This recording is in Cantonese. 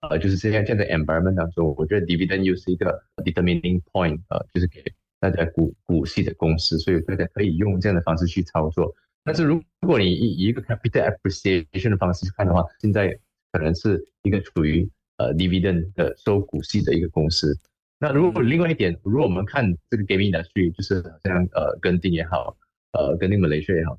呃，就是現在這樣的 environment 當中，我覺得 dividend 又是一個 determining point，呃，就是給大家股股息的公司，所以大家可以用這樣的方式去操作。但是，如果如果你以一個 capital appreciation 的方式去看的話，現在可能是一個處於，呃 dividend 的收股息的一個公司。那如果另外一點，如果我們看這個 gaming industry，就是，像，呃 Genting 也好，呃 Genting Malaysia 也好。